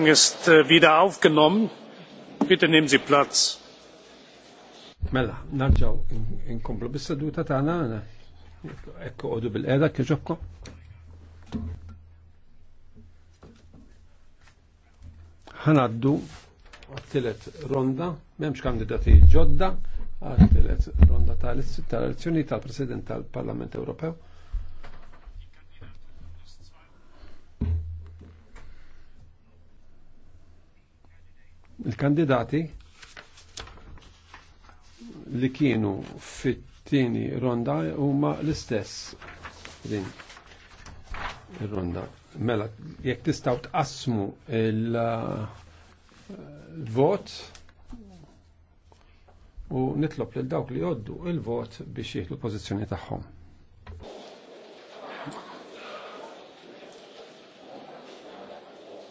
sitzung ist äh, wieder aufgenommen. Bitte nehmen Sie Platz. Mela, narġaw, inkomplu bis-seduta għana, ekku għodu bil-qeda kieġobkom. Għanaddu għattilet ronda, memx kandidati ġodda, għattilet ronda tal-elezzjoni tal-President tal-Parlament Ewropew. Il-kandidati li kienu fit-tieni ronda huma l-istess din ir-ronda. Mela, jekk tistgħu tqassmu il-vot u nitlob lil dawk li joddu il-vot biex jieħdu l-pożizzjoni tagħhom.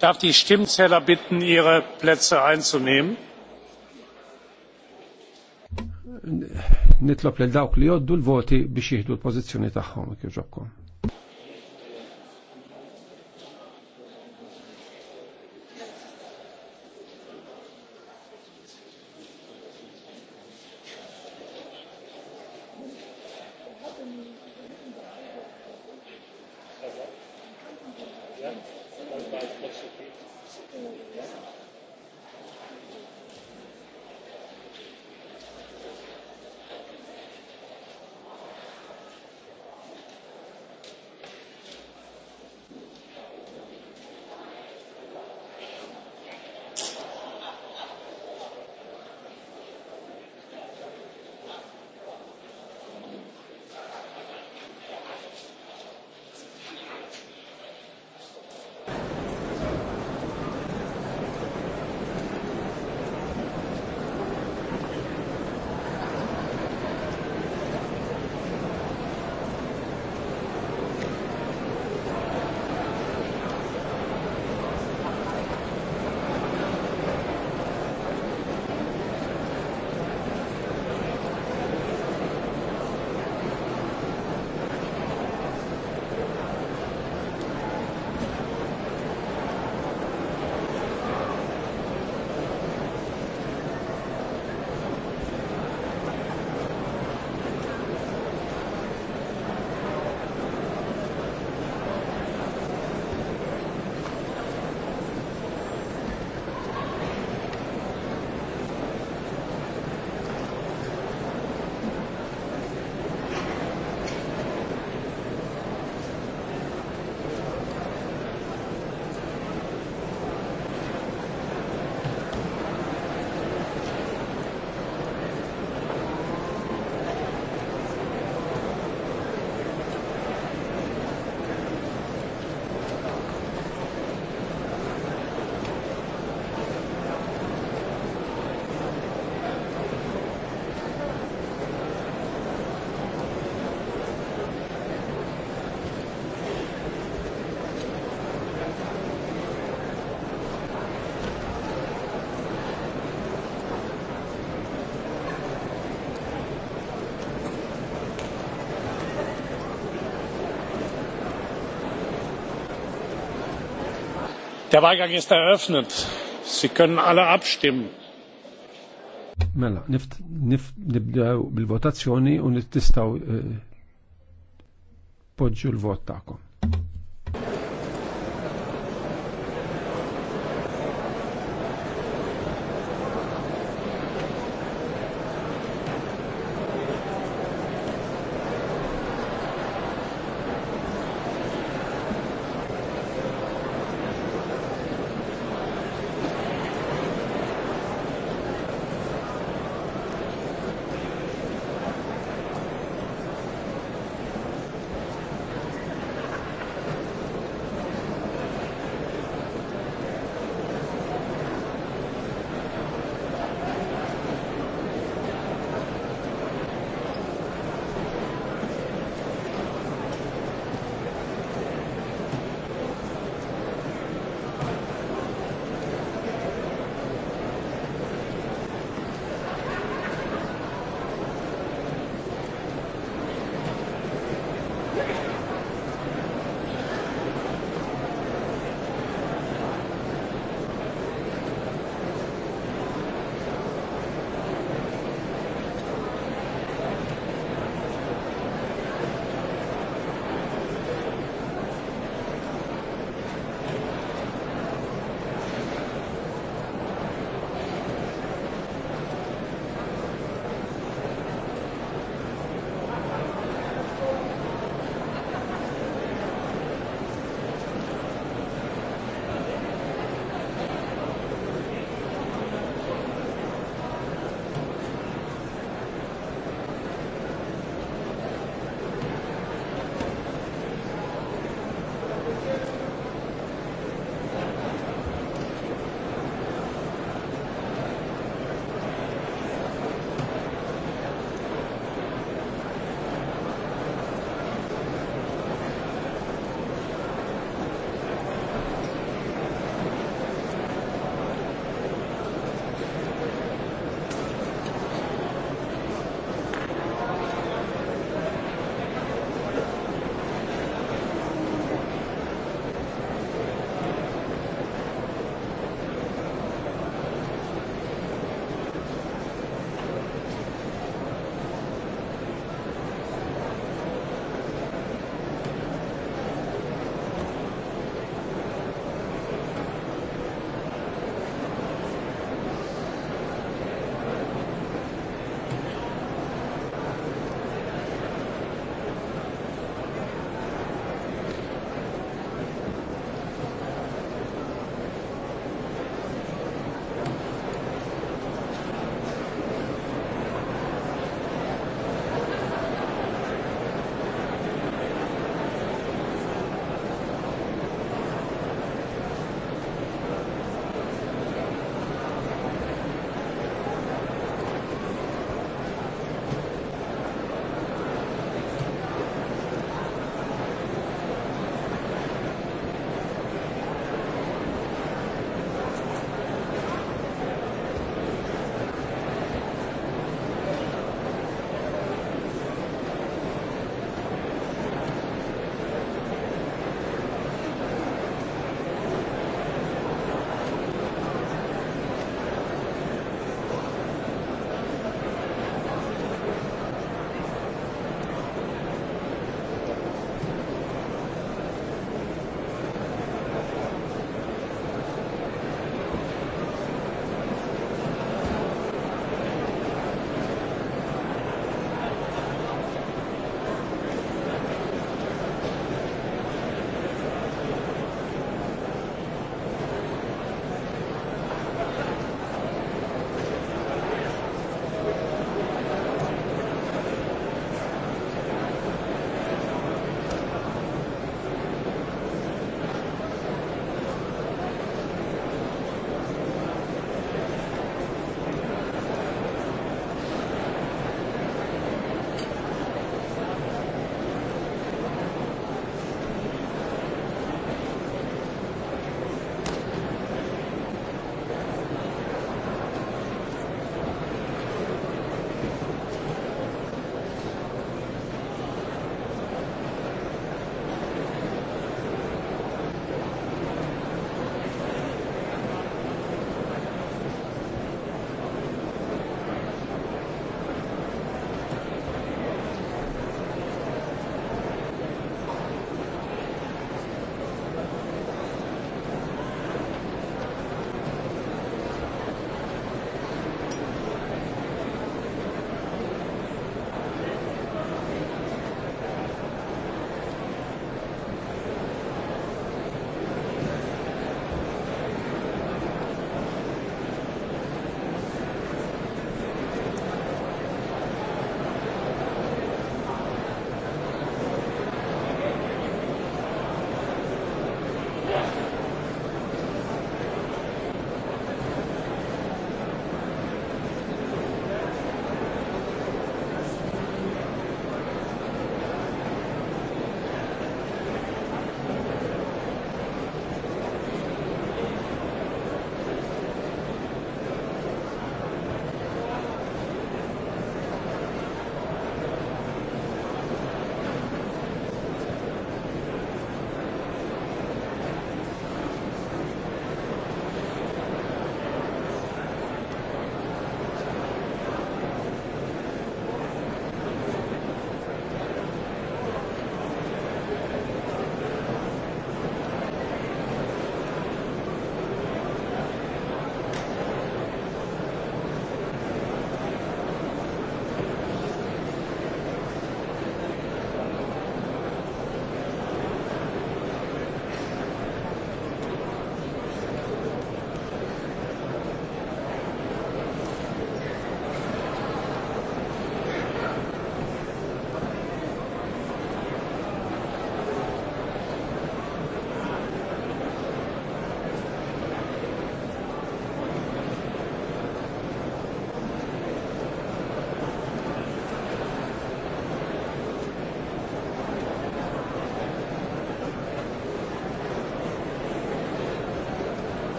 darf die stimmzähler bitten ihre plätze einzunehmen. nitlob lil dawk li jgħoddu l-voti biex jieħdu l-pożizzjoni tagħhom kif ġobkom. Der Wahlgang ist eröffnet. Sie können alle abstimmen. Mela, nibdew bil-votazzjoni u nittistaw eh, poġġu l-vot ta'kom.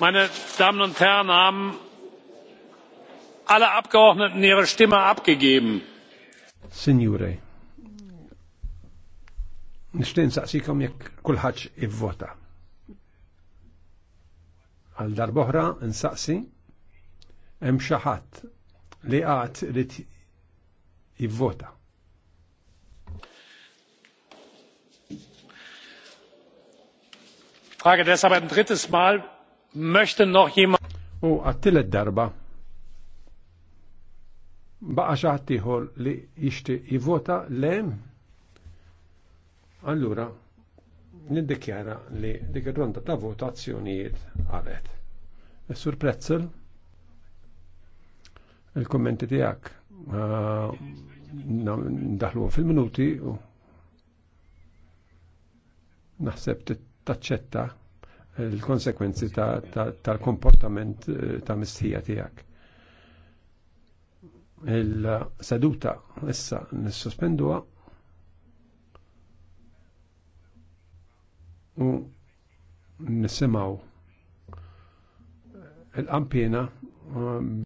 meine damen und herren haben alle abgeordneten ihre stimme abgegeben. Signore, nishtin saqsikom jekk kulħadd ivvota. Għal darboħra nsaqsi hemm xi ħadd li qatt irid jivvota. Frage deshalb ein drittes Mal, möchte noch jemand. U għattilet darba baqa xaħtiħol li jishti jivota le allura niddikjara li dik ronda ta' votazzjonijiet għalet. Sur Pretzel, il-kommenti tijak ndaħlu fil-minuti u naħseb taċċetta l-konsekwenzi tal-komportament eh, ta' mistħija tiegħek. Il-seduta issa nissospendua u nissimaw il-qampjena um,